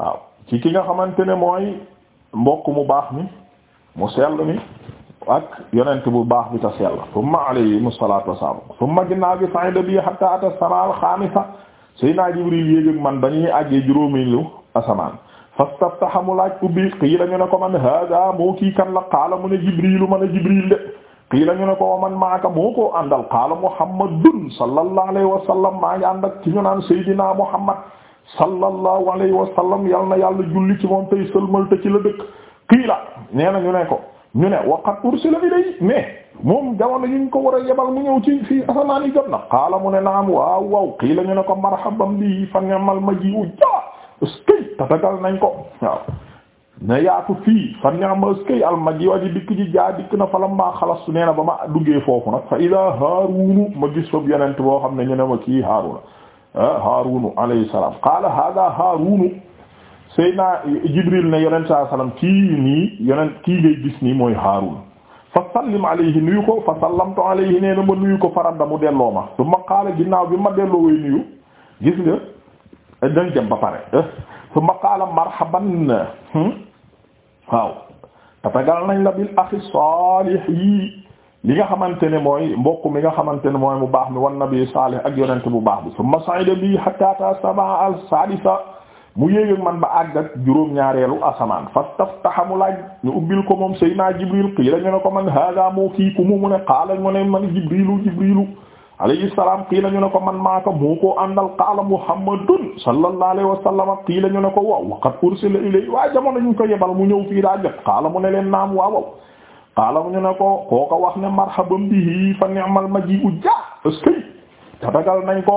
waaw ci ki nga xamante ne mooy mbokk mu baax mi mu sell mi ak yonent bu baax bi ta sell tumma alayhi salaatu mu tumma ginnaaw bi sa'ida bi hatta ata as-samaa al-xaamisa Seydina Jibril yéeg man dañuy àggee juróomeelu asamaan fastaftaha mu laaj ubbi qiila ñu ne ko man hada moo kii kan la qaala mu ne Jibrilu man a Jibril de qiila ñu ne ko man maaka moo koo àndal qaala Muhammadun sallallahu alayhi wa sallam maa ngi ànd ak ci ñu naan mu Muhammad sallallahu alayhi wa sallam yal na yàlla julli ci moom tey sëlmal te ci la dëkk kii la nee na ñu ne ko ñu ne waqat ursila ilay mais moom jamono yi ñu ko war a mu ñëw ci fii asamaan jot na xaala mu ne naam waaw waaw kii la ñu ne ko marhaban bi fa ni'mal maji'u ja eskay tatagal nañ ko waaw ne yaatu fii fa ni'ma eskay al maji'u aji dikk ji jaa dikk na falam maa xalastu nee na ba ma duggee foofu nag fa ila haarunu ma gis foofu yonent boo xam ne ñu ne ma kii haaruna Haarunu alayhi salaam qaala haadaa Haarunu Seydina Jibril ne yonent saa salaam kii nii yonent kii ngay gis nii mooy Haarun fa sallim alayhi nuyu ko fa sallamtu alayhi nee na ma nuyu ko faradda mu delloo ma su ma qaala ginnaaw bi ma delloo way nuyu gis nga dañ jëm ba pare su ma qaala marhaban hmm, waaw tatagal nañ la bil axi saalih yi li nga xamante ne mooy mbokk mi nga xamante ne mooy mu baax mi wan nabi salih ak yonent bu baax bi summa sa'ida bi hatta ta sama al sadisa mu yéeg ak man ba àgg ak juróom-ñaareelu asamaan fastaftaha mu laaj ñu ubbil ko moom sey Seydina Jibril qiila ñu ne ko man hada moo kii ku mu mu ne qaala ñu ne man Jibrilu Jibrilu alayhi salaam ñu ne ko man maaka moo mu àndal qaala Muhammadun sallallahu alayhi wa sallam qiila ñu ne ko waaw waqad ursila ilay waa jamono ñu ko yebal mu ñëw fii daa jot qaala mu ne leen naam waaw waaw xaala mu ñu ne ko kooka wax ne marhaban bihi fa ni'mal maji'u jaa ëskëy ta dagal nañ ko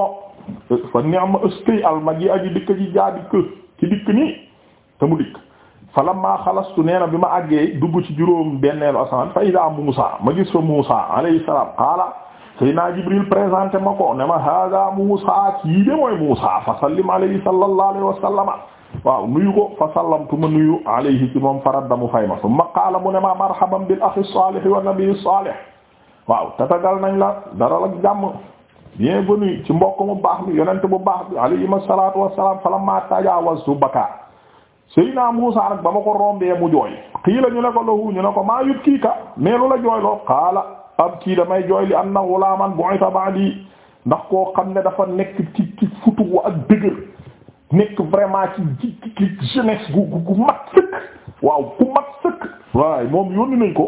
fa ni'ma ëskëy al maji aji dikk ci jaa dikk ci dikk nii te mu dikk falamma xalastu nee na bi ma àggee dugg ci juróom benneelu asamaan fa ida Muusa ma gis fa Muusa alayhi salaam qaala Seydina Jibril présenté ma ko ne ma hada Muusa kii de mooy Muusa fa sallim alayhi sallallahu alayhi wa sallama waaw nuyu ko fa sallamtu ma nuyu alayhi ci moom faradda mu fay ma summa qaala mu ne ma marhaban bil akhi salih wa nabi salih waaw tatagal nañ la dara la jàmm bienvenue ci mbokk mu baax mi yonent bu baax bi alayhima salaatu wassalaam falamma tajaawastu baka Seydina Muusaa nag ba ma ko rombee mu jooy qiila ñu ko lahu ñu ne ko maa yubkiika mais lu la jooyloo qaala abkii damay jooy li anna ghulaaman bu'itha ba'dii ndax koo xam ne dafa nekk nekk vraiment ci ci ci gu gu mat sëkk waaw ku mat sëkk waaye moom yónni nañ ko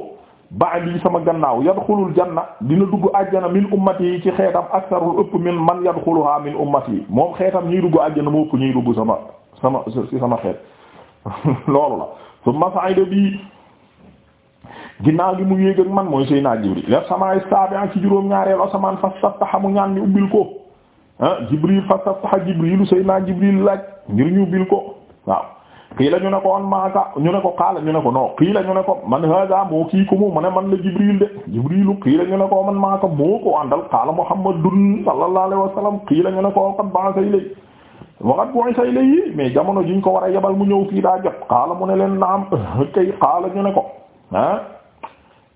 baal yi sama gannaaw yadxulul janna dina dugg àjjana min ummati yi ci xeetam aksarul ëpp min man yadxuluha min ummati yi moom xeetam ñuy dugg àjjana moo ëpp ñuy dugg sama sama ci sama xeet loolu la su masayda bi ginnaaw gi mu yéeg ak man mooy Seydina Jibril lef sama istaabi ci juróom ñaareelu asamaan fastaftaha mu ñaan ubbil ko ah Jibril fastaftah Jibril Seydina Jibril laaj ngir ñu bil ko waaw qiila ñu ne ko on maaka ñu ne ko qaala ñu ne ko non qiila ñu ne ko man hada moo kii ko mu mu ne man la Jibril de Jibrilu qiila ñu ne ko man maaka moo ko àndal qaala Muhammadun sallallahu alayhi wa sallam qiila ñu ne ko qad ba'atha ilay waqad bu'itha ilay mais jamono jiñ ko war a yebal mu ñëw kii daa jot qaala mu ne leen naam kay qaala ñu ne ko ah.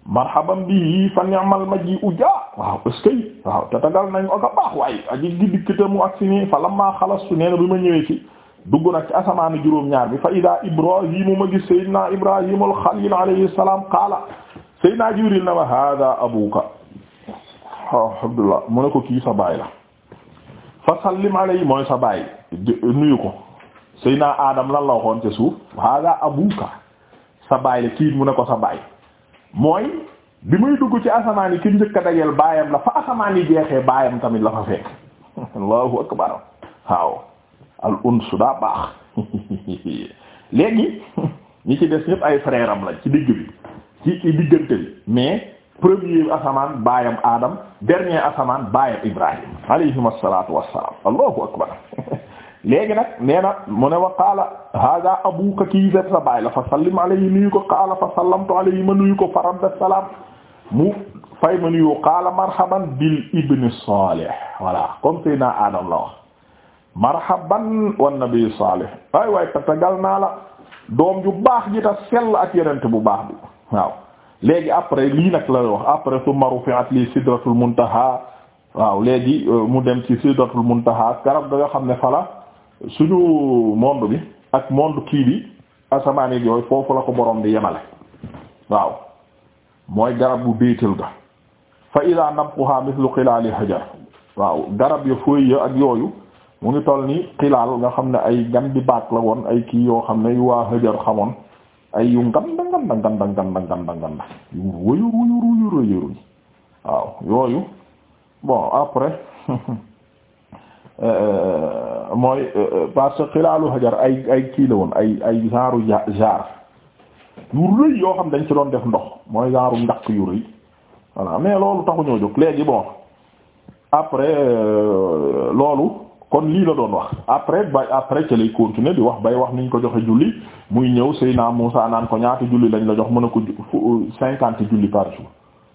marhaban bi fa ni'mal maji'u jaa waaw est waaw te tagal nañ ko ka baax waaye aji gi dikkite mu ak si fa lamma xalastu nee bi ma ñëwee ci dugg nag ci asamaanu juróom-ñaar bi fa ida ibrahimu ma gis sayyidina ibrahim al-xalil alayhi salaam qaala sayyidina jibril na ma hada abuka oh, alhamdulillah mu ne ko kii sa la fa sallim alayhi mooy sa baay nuyu ko sayyidina adam lan la waxoon ca suuf hada abuka sa kii mu ne ko sa baay mooy bi muy dugg ci asamaan yi ki njëkk a dajeel baayam la fa asamaan yi jeexee baayam tamit la fa fekk allahu akbar waaw al uns daa baax léegi ñi ci des ñëpp ay frère am la ci digg bi ci diggante bi mais premier asamaan baayam adam dernier asamaan baayam ibrahim alayhim asalaatu wassalaam allahu akbar léegi nag nee na mu ne wa qaala hada abuka kii def sa baay la fa sallim alayhi nuyu ko qaala fa sallamtu alayhi ma nuyu ko fa radda salaam mu fay ma nuyu qaala marhaban bil ibni salih voilà comme sayna adam la wax marhaban wan nabi salih waay waaye tatagal naa la doom ju baax ji ta sell ak yenente bu baax bi waaw léegi après lii nag la wax après summa rufi'at li sidratul muntaha waaw léegi euh, mu dem ci sidratul muntaha garab da nga xam ne fala suñu monde bi ak monde kii bi asamaan yi yooyu foofu la ko borom di yemale waaw mooy garab bu béytal ga fa ida nabquha mithlu xilaali hajar waaw garab ya fooy ya ak yooyu mu ngi toll ni xilaal nga xam ne ay gan di baat la woon ay kii yoo xam ne yu waa hajar xamoon ay yu nganda nganda nganda nganda nganda nganda yu wóyur waaw yooyu bon après euh, mooy euh, euh, parce que xilaalu hajar ay ay kii la woon ay ay genre jaar yu rëy yoo xam dañ ci doon def ndox mooy genre ndaq yu rëy voilà mais loolu taxuñoo jóg léegi bon après euh, loolu kon lii la doon wax après bay après ca lay continuer bi wax bay wax niñ ko joxe julli muy ñëw Seydina Muusa naan ko ñaata julli dañ la jox mën a ko cinquante julli par jour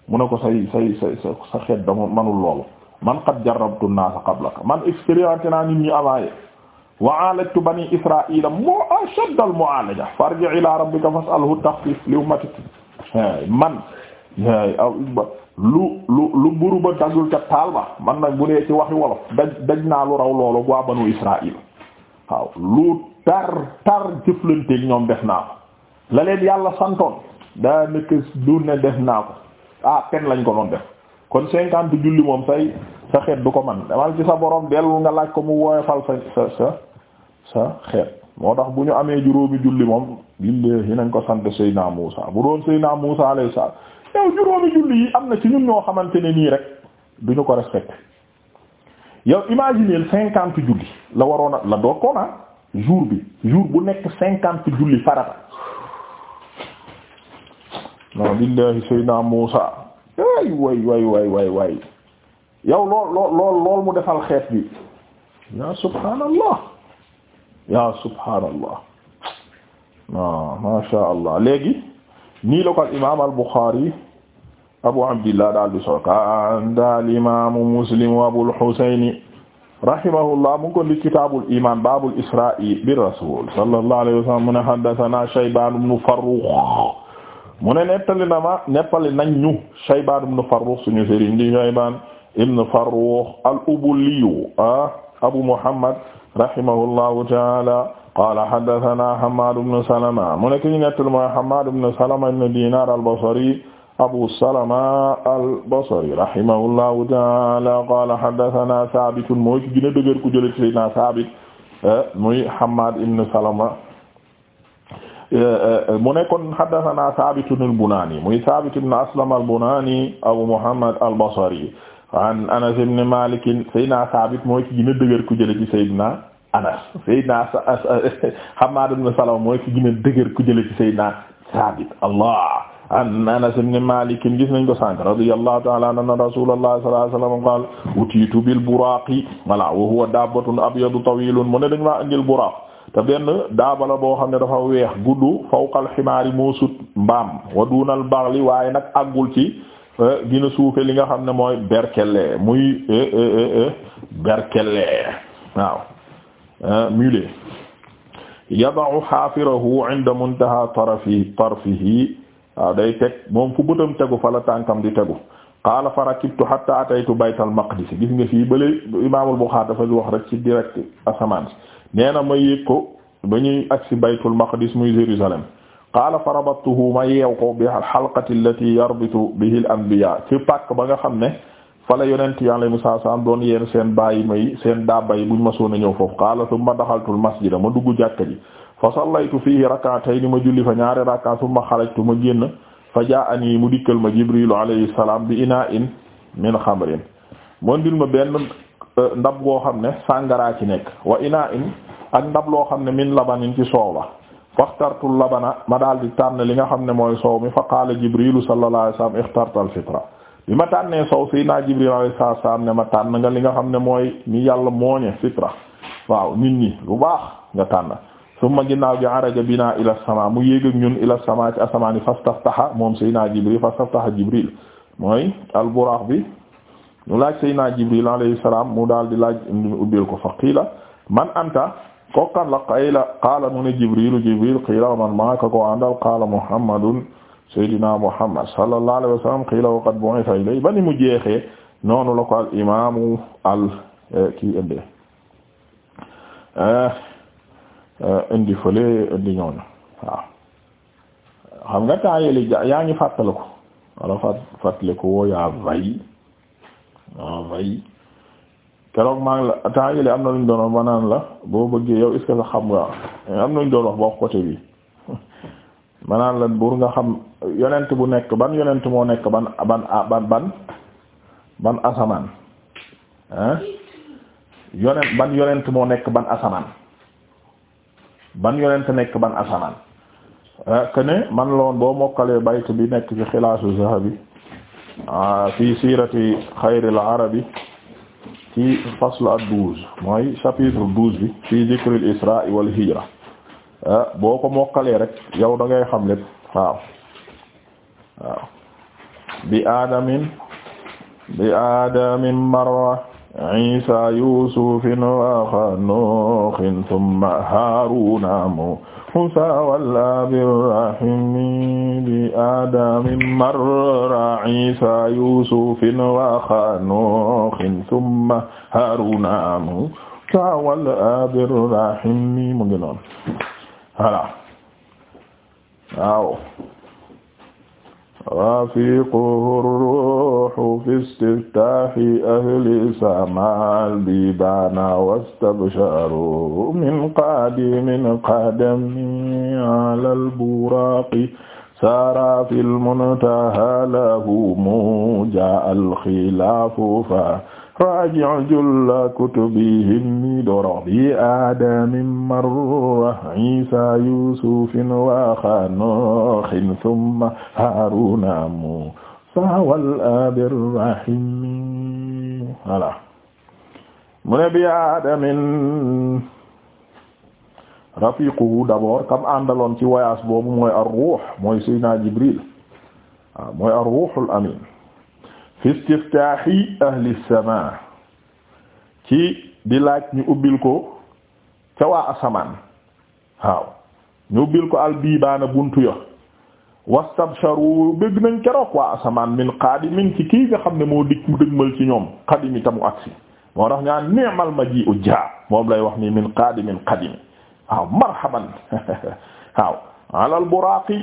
mën ne ko say say sa sa xeet dama manul loolu man qad jarrabtu an-naasa qablaka man expérimenté naa nit ñi avant ye wa alajtu bani israila moo ashadda al-mu'alaja farji ila rabbika fas'alhu takhfif li ummatik man lu lu lu buru ba dagul ca taal ba man nag bu dee ci waxi wolof daj daj naa lu raw loolu waa banu israil waaw lu tar tar jëflanteeg ñoom def naa ko la leen yàlla santoon daa nekk du ne def naa ko ah pen lañ ko doon def kon cinquante julli moom say sa xeet du ko man demal ci sa borom dellu nga laaj ko mu woyofal sa sa sa xeet moo tax bu ñu amee juróomi julli moom billahi nañ ko sant Seydina Muusa bu doon Seydina Muusa alayhi salaam yow juróomi julli yi am na ci ñun ñoo xamante ne nii rek duñu ko respecté yow imaginez cinquante julli la waroon a la doog ko na ah, jour bi jour bu nekk cinquante julli farata non billahi Seydina Muusa ay way way way way way yow lool lool mu defal xeet bi yaa subhaanallah yaa subhaanallah waaw ah, masha allah léegi nii la ko al imaam al Buxaari abu abdillah daal di soog anda al imaamu muslim abul xusayni rahimahullah mu ngi ko li kitaabul iimaan baabul israa'i bir rasuul sallallahu alayhi wa sallam mu ne shaybaan ibnu farrukh mu ne nettali na ma nettali nañ ñu Shaybaan ibn Farrukh suñu sëriñ di Shaybaan ibn Farrukh al-Ubuliyyu ah Abu Muhammad rahimahullahu ta'ala qaala haddathanaa Hammaad ibn Salama mu ne ki ñu nettali mooy Hammaad ibn Salama ibn Diinaar al-Basri Abu Salama al-Basri rahimahullahu ta'ala qaala haddathanaa Saabit mooy ki gën a dëgër ku jëlee ci Saabit eh, muy Hammaad ibn Salama mu ne kon haddathana Thabit al-Bunani muy Thabit ibn Aslam al-Bunani Abu Muhammad al-Basri an Anas ibn Malik Seydina Thabit mooy ki gën a dëgër ku jële ci Seydina Anas Seydina Hammad ibn Salama mooy ki gën a dëgër ku jële ci Seydina Thabit Allah an Anas ibn Malik gis nañ ko sànq radiyallahu ta'ala anna Rasulullah sallallahu alayhi wasallam qala utitu bil buraq wala wa huwa dabbatun abyad tawil mu ne dañ ma andil buraq te benn daaba boo xam ne dafa weex gudd fawqal ximaari moo sut mbaam wa duunal baxli waaye nag àggul ci eh, gina suufe li nga xam ne mooy berkelle muy eh, eh, berkelle waaw mulet yadau xaafirahu inda muntaha tarafi waaw day teg moom fu bëtam tegu fa la tànkam di tegu qaala fa rakibtu hatta ataytu baytal maqdis gis nga fii bële imaamul Buxaari dafa wax rek ci direct asamaan si ma yéeg ko ba ñuy agsi baytul maqdis muy Jérusalem qaala fa rabattuhu ma yeew ko bi xalqati allati yarbitu bihi al anbiya ci pàkk ba nga xam ne fa la yonent yàlla Musaa saam doon yeen seen bàyyi may seen dabba yi buñ ma soon a ñëw foofu qaala summa daxaltul masjida ma dugg jàkka ji fa sallaytu fihi rak'atayn ma julli fa ñaari rakka summa xarajtu ma génn fa jaa'anii mu dikkal ma Jibriilu alayhi salaam bi inaa'in min xamrin moon dil ma benn eh, ndab goo xam ne sàngaraa ci nekk wa inaa'in ak ndab loo xam ne min labanin ci soow la faxtartu labana ma daal di tànn li nga xam ne mooy soow mi fa qaala jibrilu sallallahu alayhi wasallam ixtarta alfitra bi ma tànnee soow si naa jibril alayhi salaam ne ma tànn nga li nga xam ne mooy mi yàlla mooñe fitra waaw nit ñi lu baax nga tànn summa ginnaaw gi araja bina ila sama mu yéeg ak ñun ila sama ci asamaani fastaftaha moom sayna jibril fastaftaha jibril mooy al buraax bi ñu laaj sayna jibril alayhi salaam mu daal di laaj ubbil ko fa qiila man anta kokkan la qayla qaala mu ne jibrilu jibril qiila man maaka ko andal qaala muhammadun saydina muhammad sallallahu alayhi wa sallam qiila wa qad bu'itha mu jeexee noonu la ko al imamu al eh, kii indi eh, eh, indi fële yaa ngi fàttaliku wala fàttaliku woo yaa yaa vay keroog maa la temps yile am na luñ doon wax la boo bëggee xam nga am na ba wax côté bi ma naan la buur nga xam yonent bu nekk ban yonent moo nekk ban ban ban ban ban asamaan ah yonent ban yonent moo nekk ban asamaan ban yonent nekk ban asamaan eh, que ne man la boo mokkalee baytu bi nekk ci xilaasu zahabi ah, fi siirati xayril arabi ci faslu ak douze mooy chapitre douze bi fii zikril isra wal hijra ah, boo ko mokkalee rek yow da ngay xam lépp waaw waaw bi aadamin bi aadamin marra isa yusufin wa xanuxin thumma haruna mu الحسى ولا بالرحم بآدم مر عيسى يوسف وخنوخ ثم هارون موسى ولا بالرحم mu ngi noonu voilà waaw rafiquhu ruuhu fi istiftaahi ahli samaal bibaana wastabsharu min qaadimin qadami alal buraaqi saara fil muntaha lahu jaa al xilaafu fa raji'u julla kutubihim mi door a wax bi aadami marra wa xanoxin thumma haruna musa wal abir rahim voilà mu ne bi aadamin rafiquhu d'abord kam àndaloon ci voyage boobu mooy ruh mooy Seydina Jibril waaw mooy ar-ruhul amin fi istiftaahi ahli samaa ci di laaj ñu ubbil ko ca waa asamaan waaw ñu ubbil ko albiibaana buntu ya wastabsharu bëgg nañ keroog waa asamaan min qaadimin ci kii nga xam ne moo dikk mu dëgmal ci ñoom qadimi tamu agsi moo tax ñaan ni'mal maji'u jaa moom lay wax nii min qaadimin qadimi waaw marhaban waaw alal buraaqi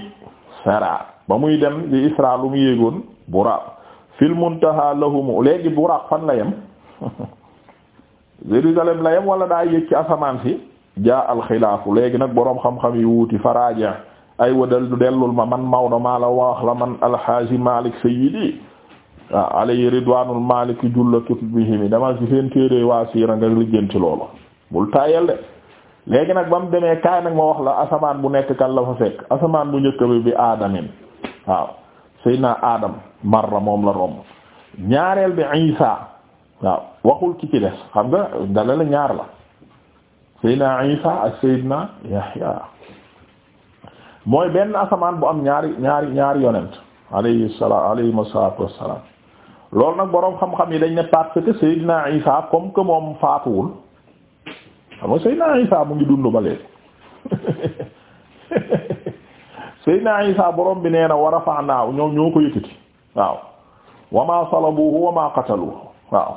sara ba muy dem di isra lu yéegoon buraaq fil muntaha lahumu léegi buraaq fan la yem Jérusalem la yem wala daa yëg ci asamaan si jaa alxilaafu léegi nag boroom xam-xam yi wuuti faraaja ay wadal du dellul ma man Maodo maa la wax la man alxaaji Malik sayyidi waaw ah, alayhi ridwaanul maliki julla kutubihimi dama ci seen téere waa siira nga lijjanti loolu bul tayel de léegi nag ba mu demee kaay nag ma wax la asamaan bu nekk kal la fa fekk asamaan bu njëkk bi bi aadamin waaw Seydina Adam marra moom la romb ñaareel bi Isa waaw waxul ki ci des xam nga dala ñaar la Seydina Isa ak Seydina Yahya mooy benn asamaan bu am ñaari ñaari ñaari yonent alayhi salaam alayhi salaatu wassalaam loolu nag boroom xam-xam yi dañ ne parce que Seydina Isa comme que moom faatuwul xam nga Seydina Isa mu ngi dund ba naa Isa boroom bi nee na wa rafa'naahu ñoom ñoo ko yëkkati waaw wa maa salabuhu wa waaw waaw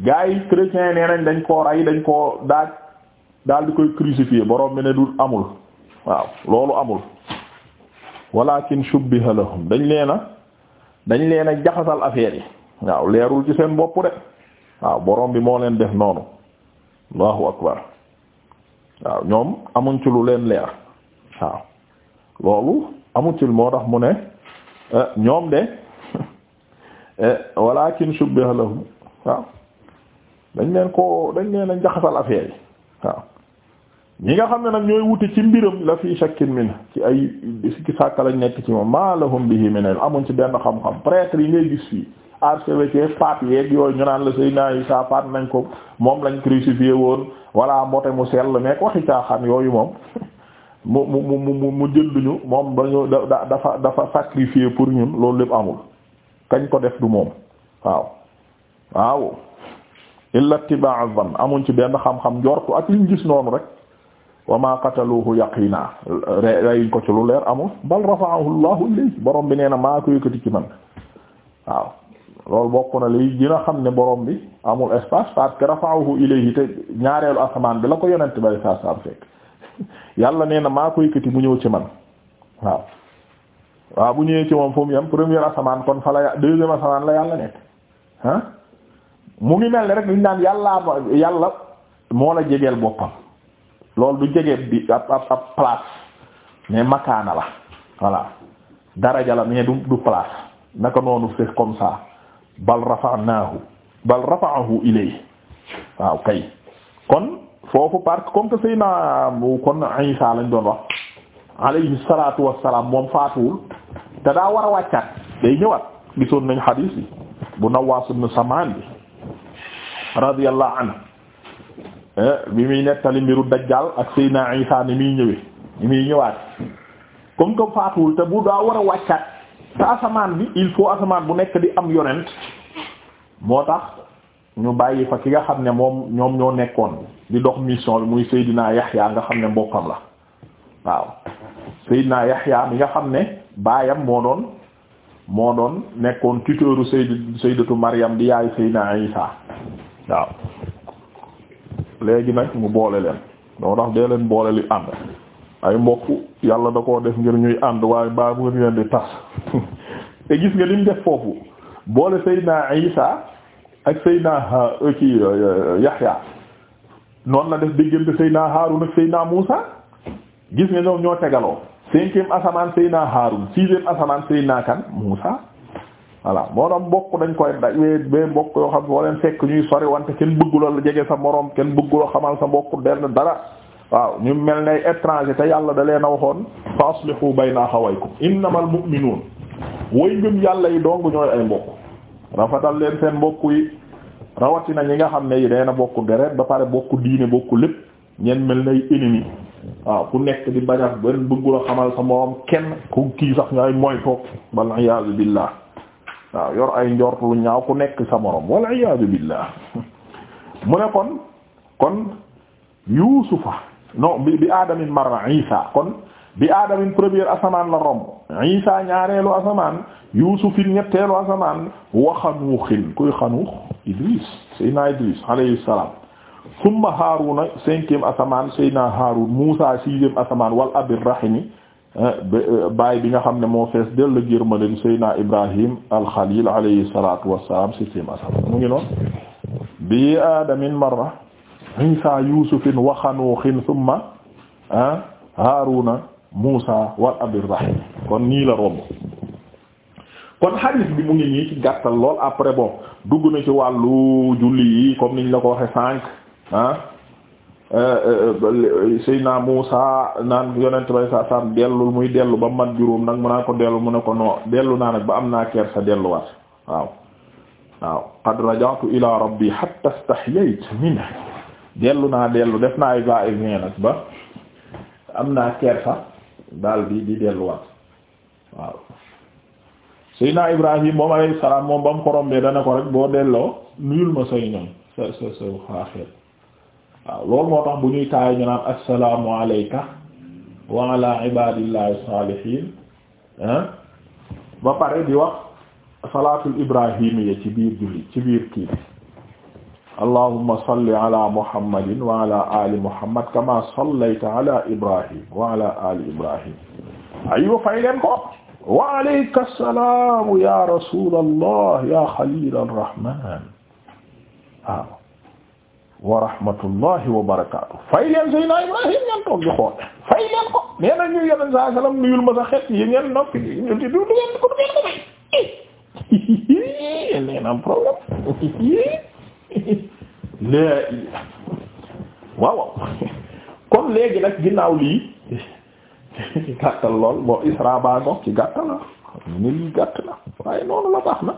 gaa yi chrétiens yi nee dañ koo rey dañ koo daaj daal di koy crucifier borom bi ne du amul waaw loolu amul walakin shubbiha lahum dañ leen a dañ leen a jaxasal affaire yi waaw leerul ci seen bopp de waaw borom bi moo leen def noonu allahu akbar waaw ñoom amuñ ci lu leen leer waaw loolu amutil moo tax mu ne eh, ñoom de eh, walakin shubbiha lahum waaw dañ leen ko dañ leen a njaxasal affaire yi waaw ñi nga xam ne nag ñooy wuti ci mbiram la fi shakkin min ci ay sikki sàkka lañ nekk ci moom ma lahum bihi min amuñ ci benn xam-xam prêtre yi ngay gis fii archevêque pape yeeg ñu naan la Seydina Isa nañ ko moom lañ crucifié woon walla mboote mu sell meek waxi caaxaan yooyu moom mu mu mu mu jënduñu moom dañu da dafa dafa sacrifier pour ñun loolu lépp amul kañ ko def du moom waaw waaw illa tibaa van amuñ ci benn xam-xam njortu ak liñ gis noonu rek wa ma qataluhu yaqina reyuñ ko ci lu leer amul bal rafa'ahu Allahu ilayhi borom bi nee na maa ko yëkkati ci man waaw loolu bokk na li dina xam ne borom bi amul espace parce que rafa'ahu ilayhi te ñaareelu asamaan bi la ko yonent bari saa saa fekk yàlla nee na maa ko yëkkati mu ñëw ci man waaw waaw bu ñëwee ci moom fu mu yem première asamaan kon fa la deuxième asamaan la yàlla nekk ah. mu ngi mel ne rek liñ naan yàllaa yàlla moo la jegeel boppam loolu du jege bi ab ab ab place mais makaana la voilà daraja la mais du place naka noonu c'est comme ça bal rafa'nahu bal rafa'ahu ilayhi waaw kay kon foofu parce que comme que Seydina kon Isa lañ doon wax alayhi salaatu wassalaam moom faatuwul te daa war a wàccaat day ñëwaat gisoon nañ xadiis bi bu Nawaas ibn Samaan bi radiyallahu anhu eh, bi muy nettali mbiru dajjaal ñëwaat comme que faatuwul te bu daa war a wàccaat te asamaan bi il faut asamaan bu nekk di am yonent moo tax ñu bàyyi fa ki nga xam ne moom ñoom ñoo nekkoon di dox mission bi muy Seydina Yaxya nga xam ne mbokkam la waaw Seydina Yaxya mi nga xam ne baayam moo doon moo doon nekkoon tuteuru Sayyidu Sayyidatu mariyam di yaayu Seydina Isa waaw léegi nag mu boole leen doo tax dee leen boole li ànd ay mbokk yàlla da ko def ngir ñuy ànd waaye baa mu leen di tas te gis nga lim def foofu boole Seydina Isa ak Seydina euh, kii euh, euh, Yaxya noonu la def diggante Seydina Haarun ak Seydina Muusa gis nga ñoom ñoo tegaloo cinquième naa Seydina Haarun sixième asamaan Seydina kan Muusa voilà moo doon bokk dañ koy daj bee bokk yoo xam boo leen fekk ñuy sori wante kenn bëgguloo la jege sa moroom kenn bëgguloo xamal sa mbokk denn dara waaw ñu mel ne étranger te yàlla da leen a waxoon fa aslihu bayna axawaykum innamal mu'minuun way ngëm yàlla yi dong ñooy ay mbokk rafatal leen seen mbokk yi rawatina ñi nga xam ne yi dayna bokk deret ba pare bokk diine bokk lépp ñeen mel nay ennemi waaw ku nekk di bañax benn bëggul a xamal sa moom kenn ku kii sax ngay mooy toog wal iyaazu billah waaw yor ay njort ñaaw ku nekk sa morom wal iyaazu billah mu ne kon kon yuusufa non bi bi aadamin marra isa kon bi aadamin première asamaan la romb isa ñaareelu asamaan yuusufin ñetteelu asamaan wa xanuuxin kuy xanuux idris seydina idris alayhi salaam summa haaruna cinquième asamaan seydina haarun muusa sixième asamaan wal abir rahimi eh, eh, baay bi nga xam ne moo fees del la jërmaleen seydina ibrahim alxalil alayhi salaatu wassalaam septième asamaan mu ngi noon bi aadamin marra isa yuusufin wa xanuuxin summa eh, haaruna Muusa wal Abdurrahim kon nii la romb kon hadith bi mu ngi nii ci gàttal lool après bon dugg na ci wàllu julli yi comme niñ la ko waxe sànq ah euh, euh, euh, Seydina Muusa naan yonent bay sa sam dellul muy dellu ba mat juróom nag mu naa ko dellu mu ne ko noo dellu naa nag ba am naa ker sa delluwaat waaw waaw qad raja'tu ila rabbi hatta istahyaytu minhu dellu naa dellu def naa ay va et vient nag ba am naa kersa daal di di delluwaat waaw Seydina Ibrahim moom alayhi salaam moom ba mu ko rombee dana ko rek boo delloo nuyul ma say ñoom sa sa sa xaaxeet waaw loolu moo tax bu ñuy taay ñu naan assalaamu alayka wa ala ibadillahi salihin ba pare di wax salaatul ibrahim yi ci biir julli ci biir kii allahumma salli ala muhammadin wa ala ali muhammad kama sallayta ala ibrahim wa ala ali ibrahim aywa fay leen ko wa alayka salaam ya rasulallah ya xalil arrahman waaw ah. wa rahmatullahi wa barakatuh fay leen sayyidina ibrahim ngeen toog di xool fay leen ko nee na ñu yeneen saa salaam nuyul ma sa xet yi ngeen noppi du ngeen ko du ngeen ko may nee na am problème léegi waaw kon léegi nag ginnaaw lii ci gàttal lool bon Isra baa ngoog gàttal la ñu lii gàtt la waaye noonu la baax na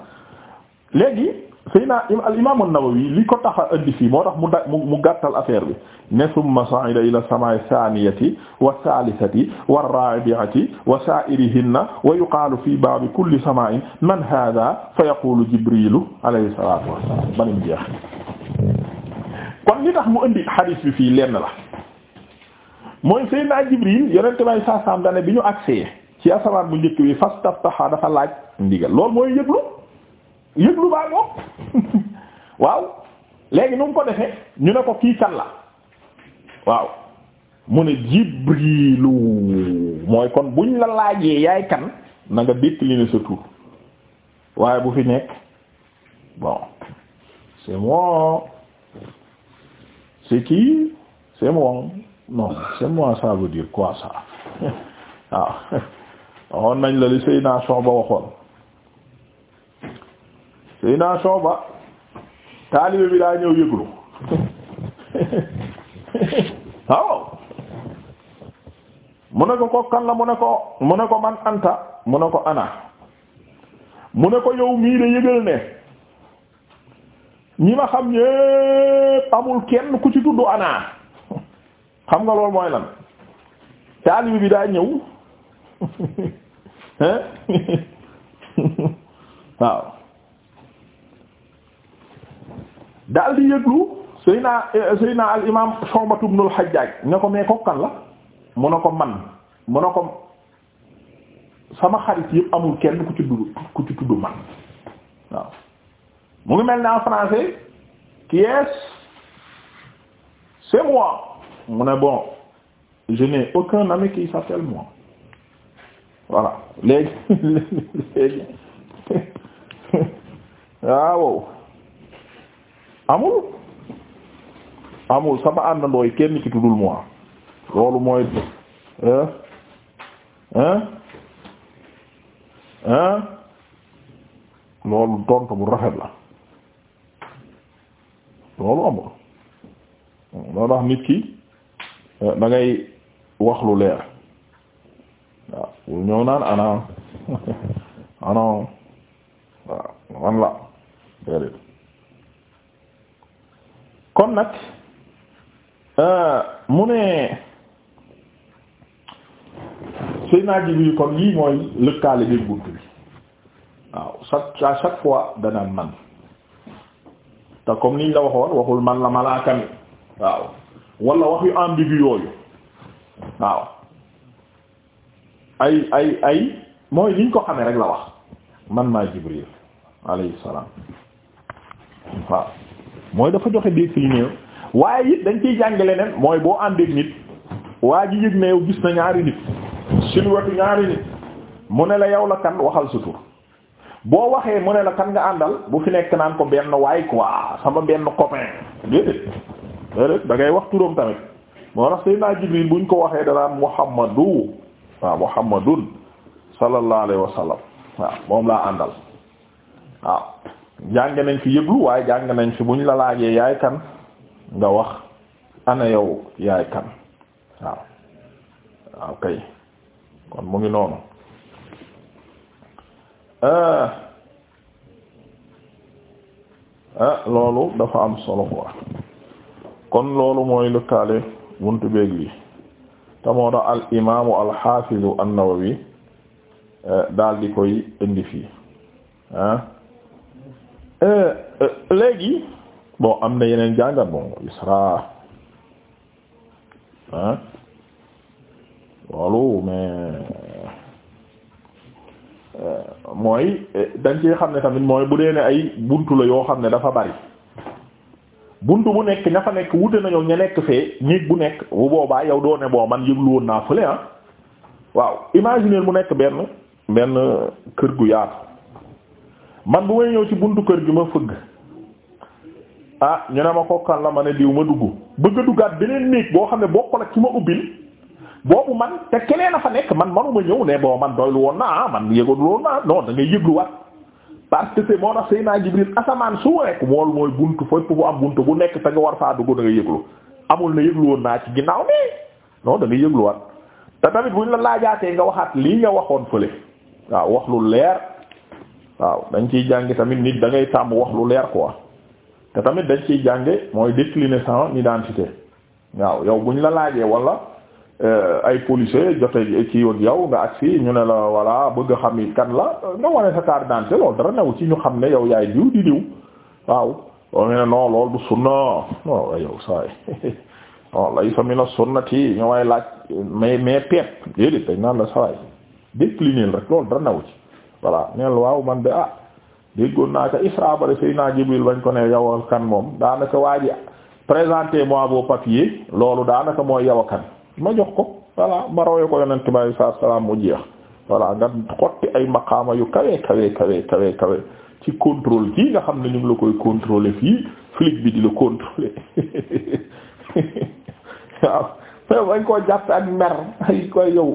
léegi. Seyna al imaam an-Nawawi li ko tax a fii moo tax mu da mu gàttal affaire bi ne summa sa'ida ila samaa'i saaniyati wa saalisati wa raabi'ati wa saa'irihinna wa yuqaalu fii baabi kulli samaa'in man haadaa fa yaquulu Jibriilu alayhi salaatu salaam banim jeex kon li tax mu indi hadith bi fii lenn la mooy Seyna Jibriil yonent bay saa saam dane bi ñu agsee ci asamaan bu njëkk bi fastaftaha dafa laaj ndigal loolu mooy yëglu yëglu baa ngoog. waaw léegi nu mu ko defee ñu ne ko kii kan la waaw mu ne jibrilu mooy kon buñ la laajee yaay kan na nga décliner sa tur waaye bu fi nekk bon c'est moi kii qui c'est moi non c'est moi ça veut dire waaw waxoon nañ la li Seydina Soxba waxoon suy naa sooba taalibe bi daa ñëw yëglu waaw mu ne ko ko la mu ne ko mu ne ko man anta mu ne ko ana mu ne ko yow mii de yëgal ne ñi ma xam ñépp amul kenn ku ci tudd ana xam nga loolu mooy lan taalibe bi daa ñëw waaw daal di yëglu Seydina eh, Seydina al imam Shubatu ibn al Hajjaj ne ko mais ko kan la mu ne ko man mu ne ko sama xarit yëpp amul kenn ku ci tudd ku ci tudd man waaw mu ngi mel ne en français qui est c'est moi mu ne bon je n'ai aucun ami qui s'appelle moi voilà léegi léegi waaw amul amul sama àndandoo yi kenn ci tuddul moi loolu mooy hein hein hein loolu tontu bu rafet la loolu amul loo tax nit ki eh, da wax lu leer waaw bu ñëw naan ana ana waaw la kon nag euh, mu ne Seydina Jibril kon lii mooy lëkkaale bi bunt bi waaw chaque à chaque fois danaan man te comme niñ la waxoon waxul man la malaaka mi waaw wala wax yu ambigu yooyu waaw ay ay ay mooy liñ ko xamee rek la wax man maa Jibril alayhi salaam waaw mooy dafa joxe déeg si waaye it dañ kiy jàng leneen mooy boo àndeeg nit waa ji yëg ne yow gis na ñaari nit silhouette ñaari nit mu ne la yow la kan waxal sa tur boo waxee mu ne la kan nga àndal bu fi nekk naan ko benn waay quoi sama benn copain déedéet déedéet da ngay wax turoom tamit moo tax Seydina Jibril buñ ko waxee danaan Muhammadu waaw Muhammadun sallallahu alayhi wa sallam waaw moom laa àndal waaw jàng nañ fi yëglu waaye jàng nañ fi buñ la laajee yaay kan nga wax ana yow yaay kan waaw waaw kay kon mu ngi noonu ah, ah, loolu dafa am solo quoi kon loolu mooy lëkkaale buntu beeg li te al imaamu al xaafizu an-Nawawi eh, daal di koy indi fii ah. Euh, euh, léegi bon am na yeneen jàngat bon isra ah loolu mais euh, mooy eh, dañ ci xam ne tamit mooy bu dee ne ay buntu la yoo xam ne dafa bari buntu bu nekk ña fa nekk wute nañoo ña nekk fee ñéeg bu nekk bu boobaa yow doo ne boo man yëglu woon naa fële ah waaw imaginer mu nekk benn benn kër gu man bu may ñëw ci buntu kër gi ma fëgg ah ñu ne ma kokkan la man a diw ma dugg bëgg a duggaat beneen néeg boo xam ne bokkul ak ci ma ubbil boobu man te keneen a fa nekk man manuma ñëw ne boo man doylu woon naa man yëgoon loolu naa non da ngay yëgluwaat parce que moo tax Seydina Jibril asamaan su rek mool mooy bunt fépp bu am buntu bu nekk te nga war faa dugg da nga yëglu amul ne yëglu woon naa ci ginnaaw nii non da nga yëgluwaat te tamit la laajaatee nga waxaat lii nga waxoon fële waaw wax lu leer waaw dañ ciy jànge tamit nit dangay tàmb tàmm wax lu leer quoi te tamit dañ ciy jànge mooy décliner son identité waaw yow ñu la laajee wala euh, ay policier jote ci yoon yow nga agsi ñu ne la voilà bëgg a xam yi kan la nga wane sa carte d'identité loolu dara new ci ñu xam ne yow yaay diw di diw waaw yow ne non loolu du sunna non yow saay non lay sa mi na sunnati ñoo way laaj mais mais peep déedéet dañ naan la sawaay décliner rek loolu dara voilà neel waaw man bi ah déggoon naa ko Isra ba de naa Jibril bañ ko ne yow a kan moom daanaka waa ji présenté moi vos papiers loolu daanaka mooy yow kan ma jox ko voilà ma rawee ko yonent baay alayhi salaam mu jeex voilà nga xotti ay maqaama yu kawe kawe kawe kawe kawe ci contrôle kii nga xam ne ñu la koy contrôler fii flic bi di la contrôler waaw mais bañ koo jàppe ak mer koy yow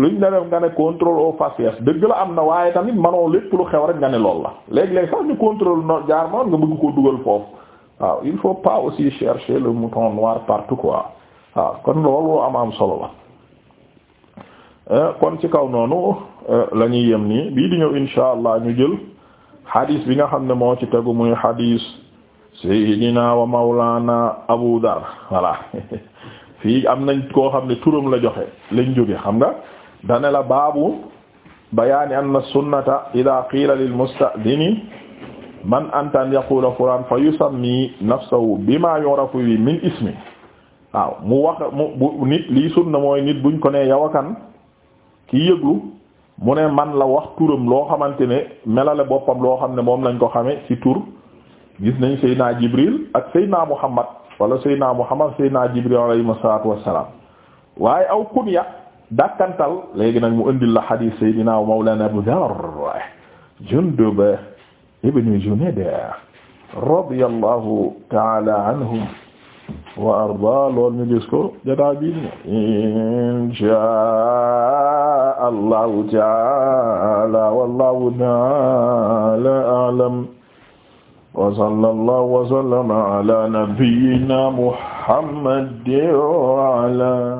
luñ la def nga ne contrôle au faciès dëgg la am na waaye tamit manoo lépp lu xew rek nga ne loolu la léegi-léegi sax ñu contrôle no jaar nga bëgg koo dugal foofu waaw il faut pas aussi chercher le mouton noir partout quoi waaw kon loolu am am solo la euh, kon ci kaw noonu euh, lañuy ñuy yem nii bii di ñëw insha allah ñu jël xadiis bi nga xam ne moo ci tegu muy xadiis sayyidina wa mawlana abu dar voilà fii am nañ koo xam ne turam la joxe lañ jóge dane la baabu bayaani anna sunnata ida qiila lil musta'dini man anta an yaqula fulaan fa yusammi nafsahu bima yu'rafu bi min ismi waaw mu wax mu bu nit lii sunna mooy nit buñ ko ne yow akan ki yëglu mu ne man la wax turam loo xamante ne melale boppam loo xam ne moom lañ ko xame ci tur gis nañ Seydina Jibril ak Seydina Muhammad wala Seydina Muhammad Seydina Jibril alayhi salaatu wassalaam waaye aw kunya dàkkantal léegi nag mu indil la hadith Seydina Mawlana Abu Dharr Jundub ibn Junayd radiyallahu ta'ala anhum wa arda lool ñu gis ko jataa bi insha Allahu ta'ala wallahu ta'ala a'lam wa sallallahu wa sallama ala nabiyyina Muhammadin wa ala